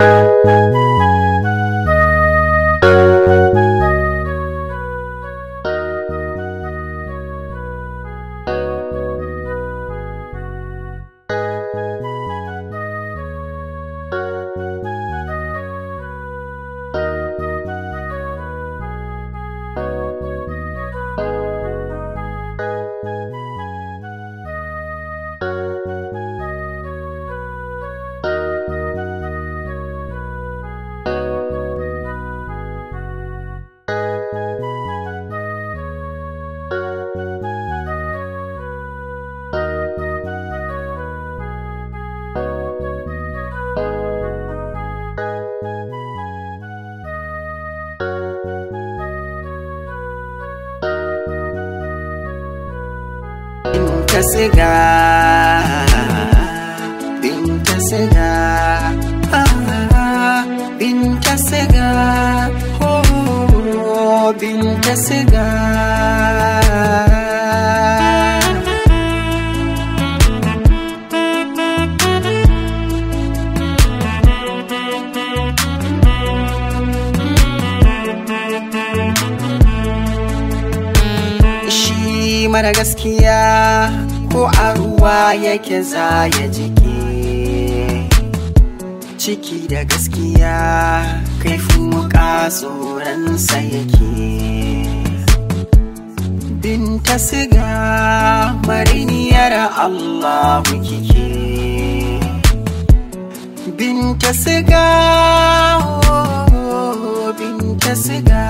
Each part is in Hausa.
Música cegar, tenta cegar, ah, tenta cegar, oh, oh, cegar. mara gaskiya ko a ruwa yake zaya jiki ciki da gaskiya kaifin wuka tsoronsa yake binta siga mariniyar Allah kike binta siga oh, oh, oh binta siga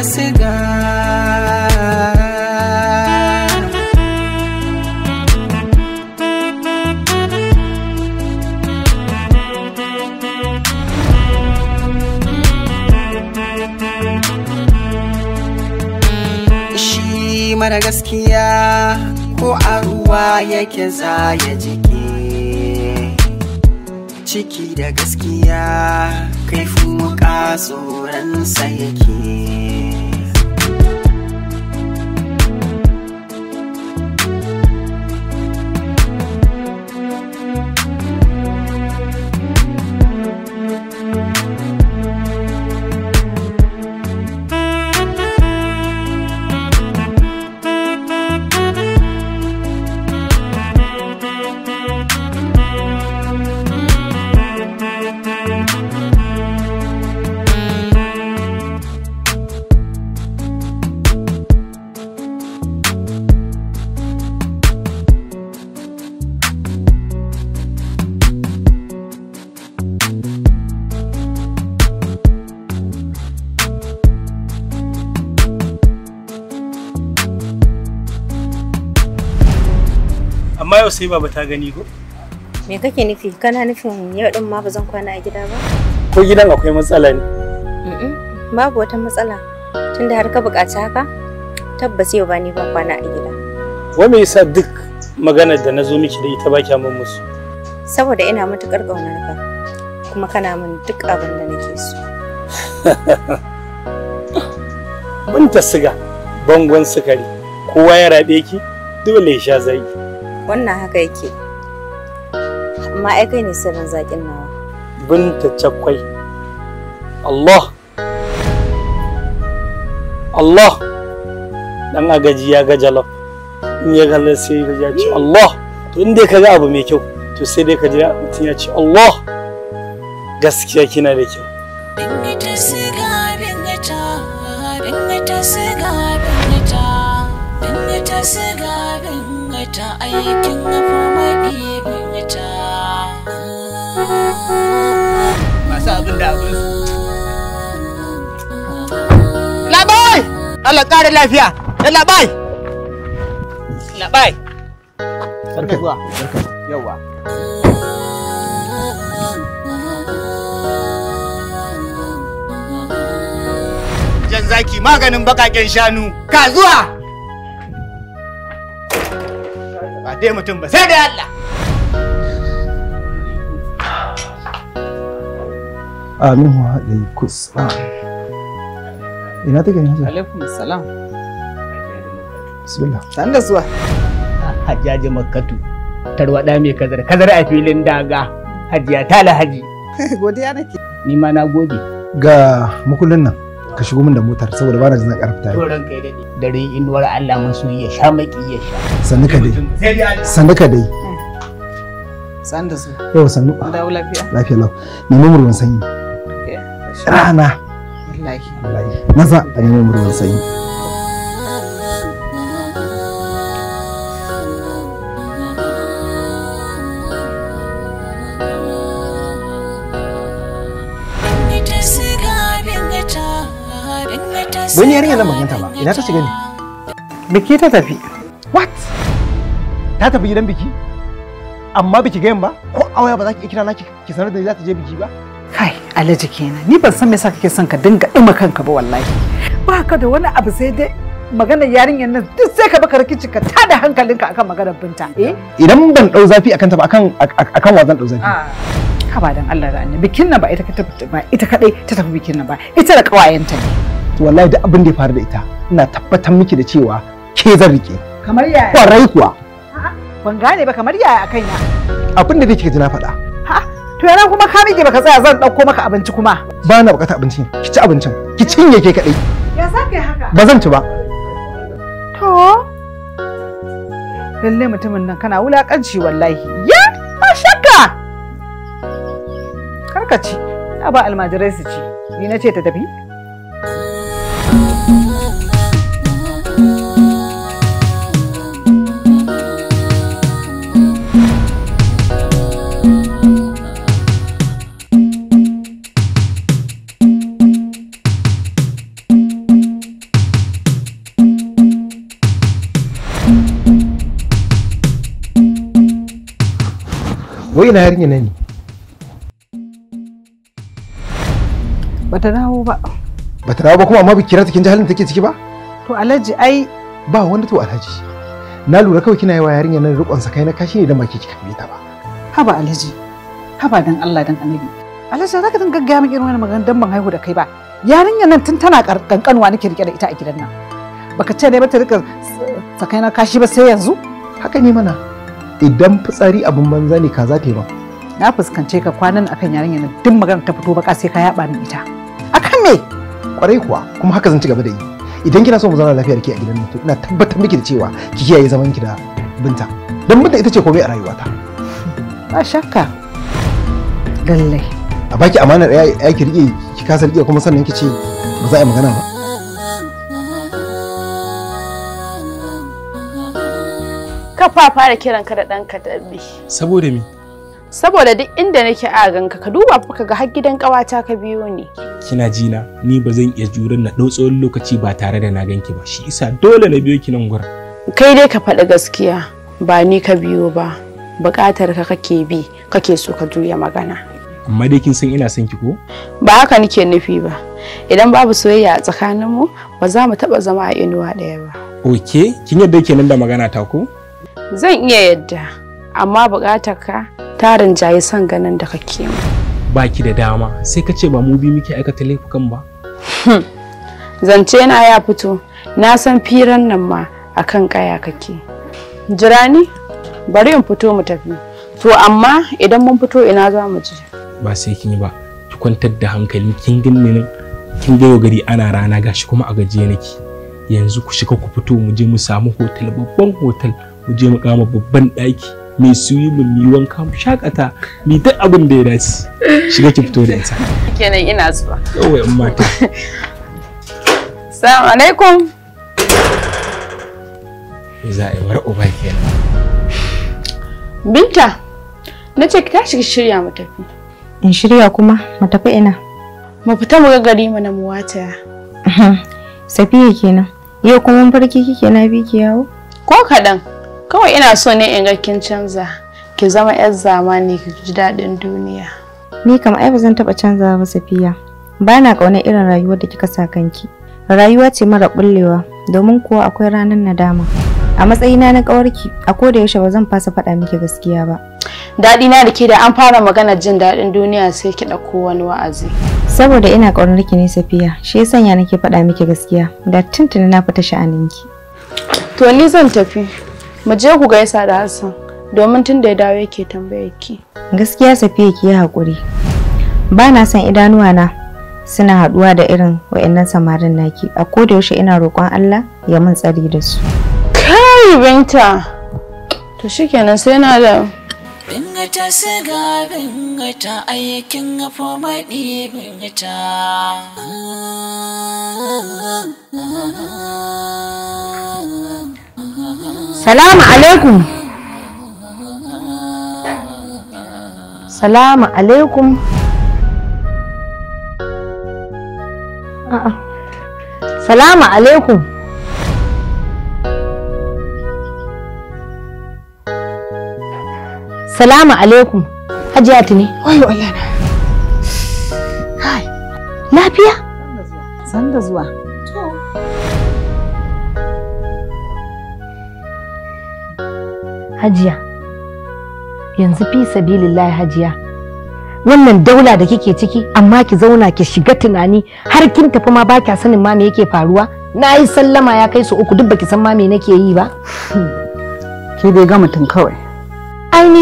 da shi mara gaskiya ko a ruwa yake zaya jiki ciki da gaskiya kaifin muka tsoronsa yake amma yau sai baba ta gani ko me kake nufi kana nufin yau din ma ba zan kwana a gida ba ko gidan akwai matsala ne babu wata matsala tunda har ka buƙaci haka tabbas yau ba ni ba kwana a gida wa me yasa duk maganar da na zo miki da ita ba kya mun musu saboda ina matuƙar ƙaunar ka kuma kana min duk abin da nake so mun ta siga bangon sukari kowa ya raɓe ki dole ya sha zaki wannan haka yake amma ai kai ne sirrin zaƙin nawa binta cakwai Allah Allah dan agaji ya ga jalaf in ya galla sai ya ce Allah to in dai kaga abu mai kyau to sai dai ka ji mutum ya ce Allah gaskiya kina da kyau ta aikin maɗi bin ta masu abin da abin labai Allah ƙara lafiya ya labai labai barka zuwa barka yawa jan zaki maganin bakaken shanu ka zuwa dai mutum ba sai dai Allah Amin wa alaikum salam. Ina take Alaikum salam. Bismillah. da suwa. Makkatu. mai kazar kazar a filin daga. Hajiya ta lahaji. Godiya nake. Ni ma na gode. Ga mukullin nan. ka shigo min da motar saboda ba na jin ƙarfi ta. Doron kai dade. Dare inuwar Allah masu ya sha maki ya sha. Sannu ka dai. Sannu ka dai. Eh. Sanda su. Yau sannu. Dawo lafiya. Lafiya lau. Ni mun murwan sanyi. Rana. Wallahi. Wallahi. Maza a ni mun murwan sanyi. wani yarinya na maganta ba ina ta shiga ne biki ta tafi what ta tafi gidan biki amma biki gayan ba ko awaya ba za ki kira na ki sanar da ni za ta je biki ba kai alaji kenan ni ban san me yasa kake son ka dinga dima kanka ba wallahi ba ka da wani abu sai dai maganar yarinyar nan duk sai ka baka rikici ka da hankalinka akan maganar binta eh idan ban dau zafi akan ta ba akan akan wa zan dau zafi Ka ah. ba dan Allah da annabi bikin nan ba ita kadai ta tafi bikin nan ba ita da kawayenta ne to wallahi duk abin da ya faru da ita ina tabbatar miki da cewa ke zan rike kamar yaya kwarai kuwa ban gane ba kamar yaya a kaina abin da kika ji na faɗa to yana kuma ka rike baka tsaya zan ɗauko maka abinci kuma ba na bukatar abinci ki ci abincin ki cinye ke kaɗai ya za haka ba zan ci ba to lalle mutumin nan kana wulakanci wallahi ya ba shakka karkaci ci na ba almajirai su ci ni na ce ta tafi na yarinya na ne bata dawo ba bata dawo ba kuma amma biki kira ta kin take ciki ba to alhaji ai ba wanda to alhaji na lura kawai kina yi wa yarinya nan rikon sakai na kashi ne da maki kika bi ta ba haba alhaji haba dan Allah dan annabi alhaji zaka dinga gaggaya min irin wannan magana dan ban haihu da kai ba yarinya nan tun tana kankanwa nake rike da ita a gidan nan baka ce ne ba ta rika sakai na kashi ba sai yanzu haka ne mana idan fitsari abin banza ne ka za ta yi ba na fuskance ka kwanan akan yarinya nan duk magana ta fito baka sai ka yaba ni ita akan me kwarai kuwa kuma haka zan ci gaba da yi idan kina so mu zauna lafiyar ki a gidan nan to ina tabbatar miki da cewa ki kiyaye zaman ki da binta dan binta ita ce komai a rayuwata ba shakka lallai a baki amanar ya ki rike ki kasa rike kuma sannan ki ce ba za a yi magana ba ka fa fara kiran ka da ɗanka bi. saboda me saboda duk inda nake a ganka ka duba fa ka ga har gidan ƙawata ka biyo ne kina jina ni ba zan iya jurin na dau tsawon lokaci ba tare da na ganki ba shi isa dole na biyo ki nan gura kai dai ka faɗi gaskiya ba ni ka biyo ba buƙatar ka kake bi kake so ka juya magana amma dai kin san ina son ki ko ba haka nake nufi ba idan babu soyayya a tsakaninmu ba za mu taɓa zama a inuwa ɗaya ba oke kin yadda kenan da magana ta ko zan iya yadda amma buƙatar ka tarin jayi son ganin da kake mu baki da dama sai ka ce ba mu bi muke aikata laifukan ba hmm. zance na ya fito na san firan nan ma akan kaya kake ni? bari in fito mu tafi to amma idan mun fito ina za mu je ba sai kin yi ba ki kwantar da hankali kin ganni nan kin ga gari ana rana gashi kuma a gaje nake yanzu ku shiga ku fito mu je mu samu hotel babban hotel mu je mu kama babban ɗaki mai suyi mu yi wanka mu shakata mu duk abin da ya dace shiga ki fito da ita kenan ina zuwa Yau yan mata assalamu alaikum za a yi war uba kenan binta na ce ki tashi ki shirya mu tafi in shirya kuma mu tafi ina mu fita mu ga gari mu na mu wata safiya kenan yau kuma farki kike na bi yawo ko kaɗan Kawai ina so ne in ga kin canza, ki zama 'yar zamani ki ji daɗin duniya. Ni kama ai ba zan taɓa canza ba Safiya. Ba na ƙaunar irin rayuwar da kika sa kanki. Rayuwa ce mara bullewa, domin kuwa akwai ranar nadama. A matsayina na ƙawarki, a koda yaushe ba zan fasa faɗa miki gaskiya ba. Daɗi na da ke da an fara magana jin daɗin duniya sai ki ɗauko wani wa'azi. Saboda ina ƙaunar ki ne Safiya, shi ya sanya nake faɗa miki gaskiya. Da tuntuni na fita sha'aninki. To ni zan tafi. mu je ku gaisa da Hassan domin tun da ya dawo yake tambayar ki. Gaskiya Safiya ki yi haƙuri. Ba na son idanuwa na suna haɗuwa da irin wa'annan samarin naki. A koda yaushe ina roƙon Allah ya mun tsari da su. Kai Binta. To shikenan sai na da Bingata siga bingata aikin afo maɗi binga ta. salamu alaikum salamu alaikum salamu alaikum salamu alaikum hajiya tuni wayo Allah na lafiya sanda zuwa hajiya yanzu fi sabilillahi hajiya wannan daula da kike ciki amma ki zauna ki shiga tunani har kin tafi ma ba kya sanin ma me yake faruwa na yi sallama ya kai su uku duk baki san ma me nake yi ba ke dai ga mutum kawai ai ni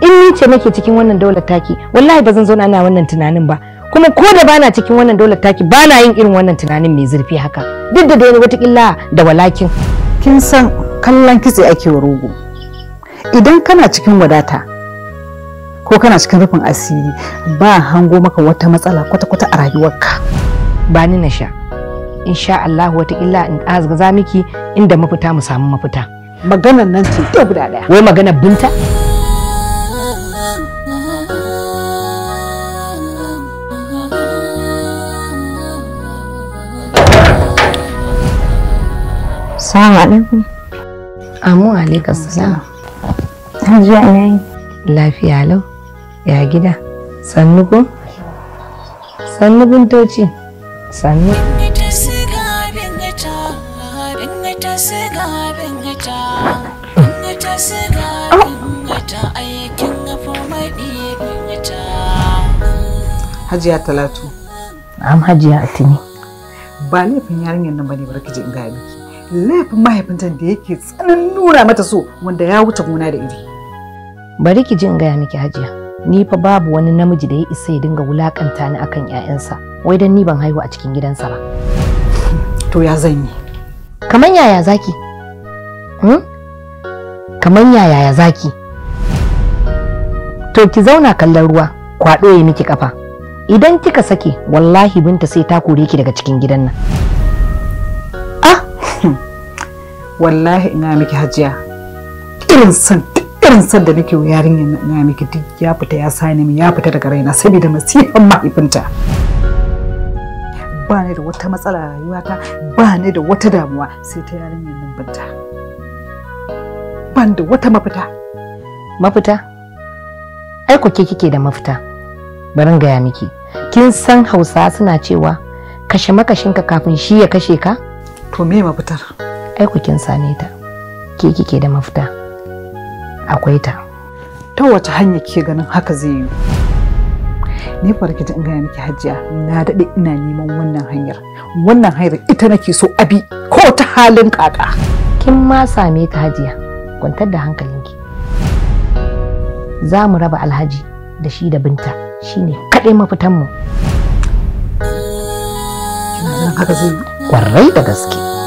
in ni ce nake cikin wannan daular taki wallahi ba zan zauna ina wannan tunanin ba kuma ko da bana cikin wannan daular taki bana yin irin wannan tunanin mai zurfi haka duk da dai wata illa da walakin kin san kallon kitse ake rogo idan kana cikin wadata ko kana cikin rufin asiri ba hango maka wata matsala kwata-kwata a rayuwarka ba ni na sha insha Allah illa in azgaza miki inda mafita mu samu mafita maganar nan ce ta guda ɗaya wai maganar binta Assalamu alaikum. Amu alaikum salam. Hajiya ina Lafiya lau, ya gida. Sannu ko? Sannu guntoci. Sannu. Hajiya Talatu. Am Hajiya Atini. Ba laifin yarinyar nan bane barki ji in gaya miki. Laifin mahaifinta da yake tsananin nuna mata so wanda ya wuce gona da iri. bari ki jin in gaya miki hajiya ni fa babu wani namiji da ya isa ya dinga wulakanta ni akan 'ya'yansa wai dan ni ban haihu a cikin gidansa ba to ya zan yi kaman yaya zaki hmm? kaman yaya zaki to ki zauna kallon ruwa kwaɗo ya miki kafa idan kika sake wallahi binta sai ta kore ki daga cikin gidan nan ah wallahi ina miki hajiya irin san irin sanda nake wa yarinyar na miki duk ya fita ya sani min ya fita daga raina saboda masifan mahaifinta ba ni da wata matsala rayuwata ba ni da wata damuwa sai ta yarinyar nan banta ban da wata mafita mafita ai ku ke kike da mafita barin gaya miki kin san hausa suna cewa kashe makashinka kafin shi ya kashe ka to me mafitar ai ku kin same ta ke kike da mafita akwai ta ta wace hanya ke ganin haka zai yi ni farki in gaya miki hajiya na daɗe ina neman wannan hanyar wannan hanyar ita nake so abi ko ta halin kaka kin ma same ta hajiya kwantar da hankalinki za mu raba alhaji da shi da binta shine kaɗai mafitanmu kwarai da gaske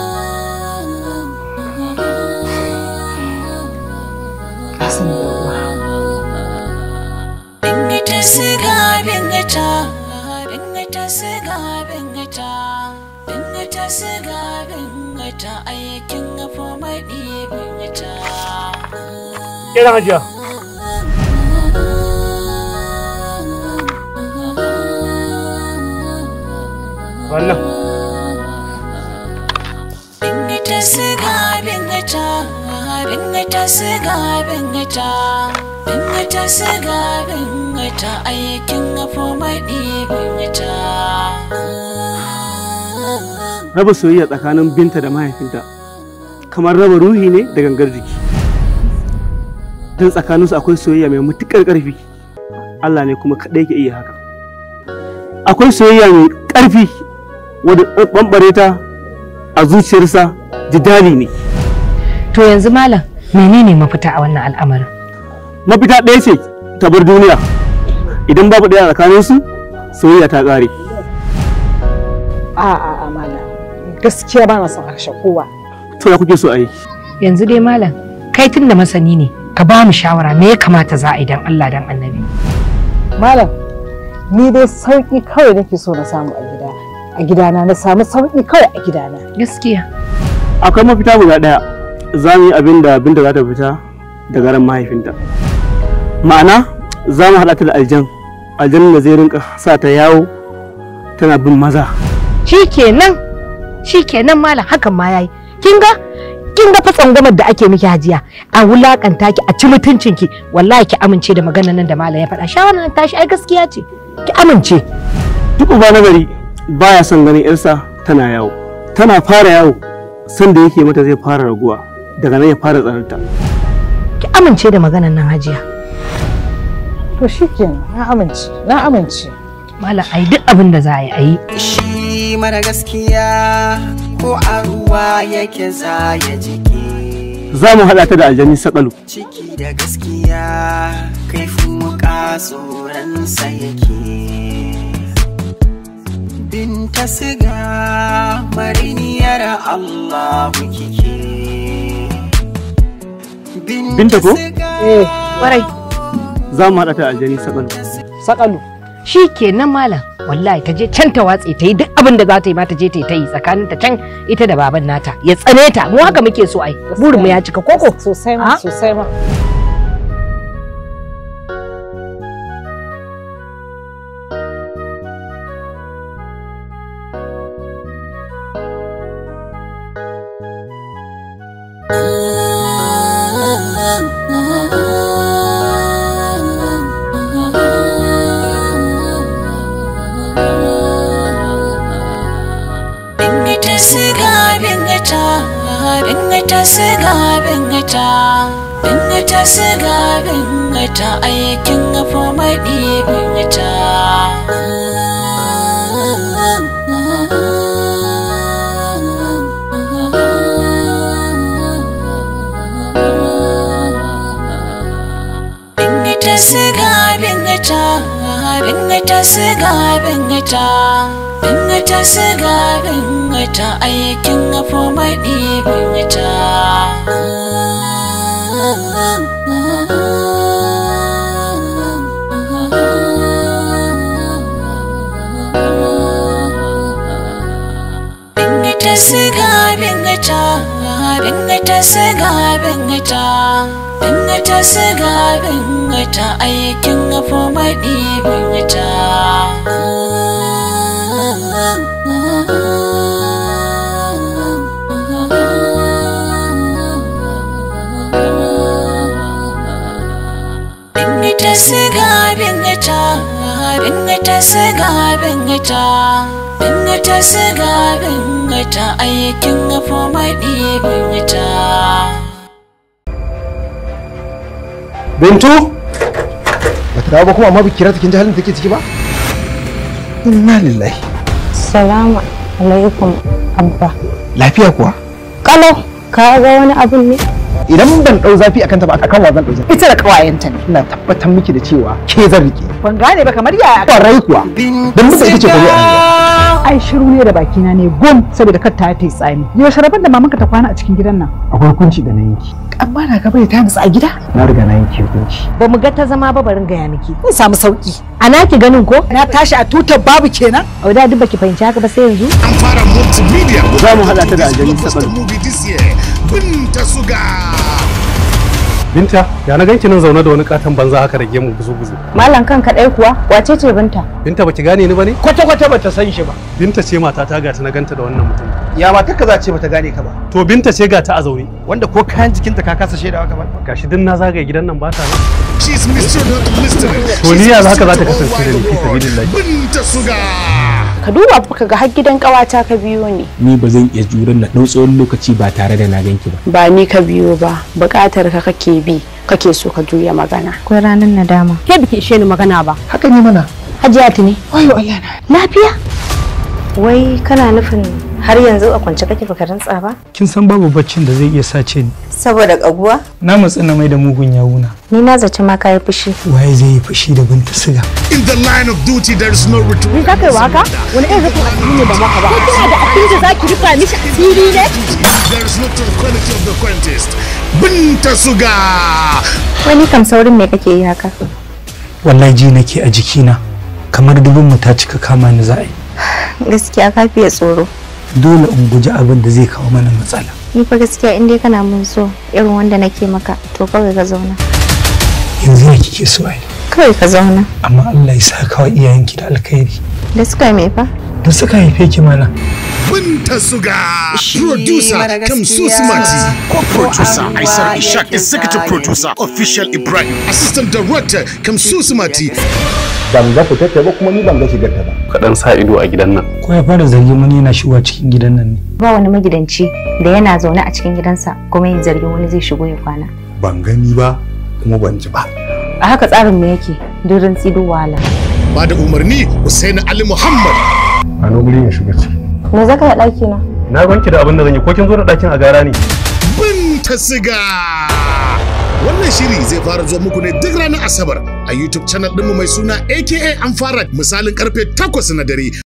ta siga aikin gafa maɗi bingata. Kira hajiya. Wannan. aikin gafa maɗi raba soyayya tsakanin binta da mahaifinta kamar raba ruhi ne da gangar jiki don tsakaninsu akwai soyayya mai matuƙar ƙarfi Allah ne kuma kaɗai ke iya haka akwai soyayya mai ƙarfi wadda ɓamɓare ta a zuciyarsa jidali ne to yanzu malam menene mafita a wannan al'amarin mafita ɗaya ce ta bar duniya idan babu ɗaya tsakaninsu soyayya ta ƙare a'a gaskiya ba na son harshe kowa to ya kuke so a yi yanzu dai malam kai tun da masani ne ka ba mu shawara me ya kamata za a yi dan Allah dan annabi malam ni dai sauki kawai nake so na samu a gida a gidana na samu sauki kawai a gidana gaskiya akwai mafita guda daya za mu yi abin da binta za ta fita daga ran mahaifinta ma'ana za mu haɗa ta da aljan aljan da zai rinka sa ta yawo tana bin maza shikenan shikenan malam hakan ma yayi kin ga kin ga fatsan da ake miki hajiya a wulakanta ki a ci mutuncin ki wallahi ki amince da maganar nan da malam ya faɗa shawara nan tashi ai gaskiya ce ki amince duk uba na gari baya son ganin yarsa tana yawo tana fara yawo san da yake mata zai fara raguwa daga nan ya fara tsananta ki amince da maganar nan hajiya to shikenan na amince na amince malam ai duk abin da za a yi shi mara gaskiya ko a ruwa yake za ya jike za mu haɗa ta da aljani sakalu ciki da gaskiya kaifin muka tsoronsa yake binta siga mariniyar Allah kike binta ko eh warai za mu haɗa ta aljani sakalu sakalu shi ke nan malam wallahi ta je can ta watse ta yi duk abin da za ta yi ma ta je ta yi ta yi tsakanin ta can ita da baban nata ya tsane ta mu haka muke so ai burin mu ya cika koko sosai ma sosai ma ta bingata bingata siga bingata bingata siga bingata aikin afo maɗi bingata siga bingata bingata siga bingata bingata siga bingata aikin afo maɗi bingata ta siga bingata bingata siga bingata bingata siga aikin afo maɗi bingata Bingata siga bingata bingata siga bingata bingata siga bingata aikin gafo maɗi bingata bintu ba ta dawo ba kuma amma bikira cikin jahalin take ciki ba inna lillahi salamu alaikum abba lafiya kuwa kalau ka ga wani abun ne idan ban dau zafi akan ta ba akan wa zan dau zafi ita da kawayenta ne ina tabbatar miki da cewa ke zan rike ban gane ba kamar yaya rai kuwa dan mutum ita ce ne a ai shiru ne da na ne gom saboda kar ta ta tsami Yaushe sharaban da mamanka ta kwana a cikin gidan nan akwai hukunci da na yanki amma na gaba bai ta nutsa a gida na riga na yanki kunci ba mu ga ta zama ba barin gaya miki zai samu sauki a naki ganin ko na tashi a tutar babu kenan a da duk baki fahimci haka ba sai yanzu an fara multimedia za mu hada ta da aljanu sabar suga Binta, ya na ganki nan zaune da wani katon banza haka da gemu guzu guzu Malam kan kadai kuwa, wace ce Binta? Binta baki gane ni bane? Kwata-kwata bata san shi ba. Binta ce mata ta gata na ganta da wannan mutum. ya ma ta kaza ce bata gane ka ba to binta ce ga ta a zaure wanda ko kayan jikinta ka kasa shaida ka ba gashi din na zagaye gidan nan ba ta nan to ni ya haka za ta kasance da ni fi sabilillahi binta suga ka duba ka ga har gidan kawata ka biyo ni ni ba zan iya jurin na dau tsawon lokaci ba tare da na ganki ba ba ni ka biyo ba bukatar ka kake bi kake so ka juya magana ko ranar nadama ke biki ishe ni magana ba haka ne mana hajiya ne wayo Allah na lafiya wai kana nufin har yanzu a kwance kake baka rantsa ba kin san babu baccin da zai iya sace ni saboda kaguwa na mutsu na mai da mugun yawuna ni na zaci ma kai fushi waye zai yi fushi da binta siga in the line of duty there is no return ni zakai waka wani irin rufin asiri ne ba maka ba Ko kina da asiri da zaki rufa mishi asiri ne there is no tranquility of the quintist binta suga wani kam saurin me kake yi haka wallahi ji nake a jikina kamar dubin mu ta cika kama ni za'a yi gaskiya kafiya tsoro dole in guji abin da zai kawo mana matsala ni fa gaskiya in dai kana mun so irin wanda nake maka to kawai ka zauna yanzu ne kike so ai kawai ka zauna amma Allah ya sa kawai iyayenki da alkhairi da suka mai fa da suka haife ki mana Binta Suga, producer Kamsu Sumati, co-producer Aisar Ishak, executive producer Official Ibrahim, assistant director Kamsu Sumati. ban ga fitar ta ba kuma ni ban ga shigar ta ba kaɗan sa ido a gidan nan ko ya fara zargin wani yana shigowa cikin gidan nan ne ba wani magidanci da yana zaune a cikin gidansa kuma yin zargin wani zai shigo ya kwana ban gani ba kuma ban ji ba a haka tsarin mu yake durin tsido wala ba da umarni Hussein Ali Muhammad a nogulin ya shiga ciki me zaka yi ɗaki na na banki da abin da zan yi ko kin zo da ɗakin a gara ne ta siga Wannan shiri zai fara zuwa muku ne duk ranar Asabar a YouTube channel ɗinmu mai suna AKA Amfara misalin karfe 8 na dare.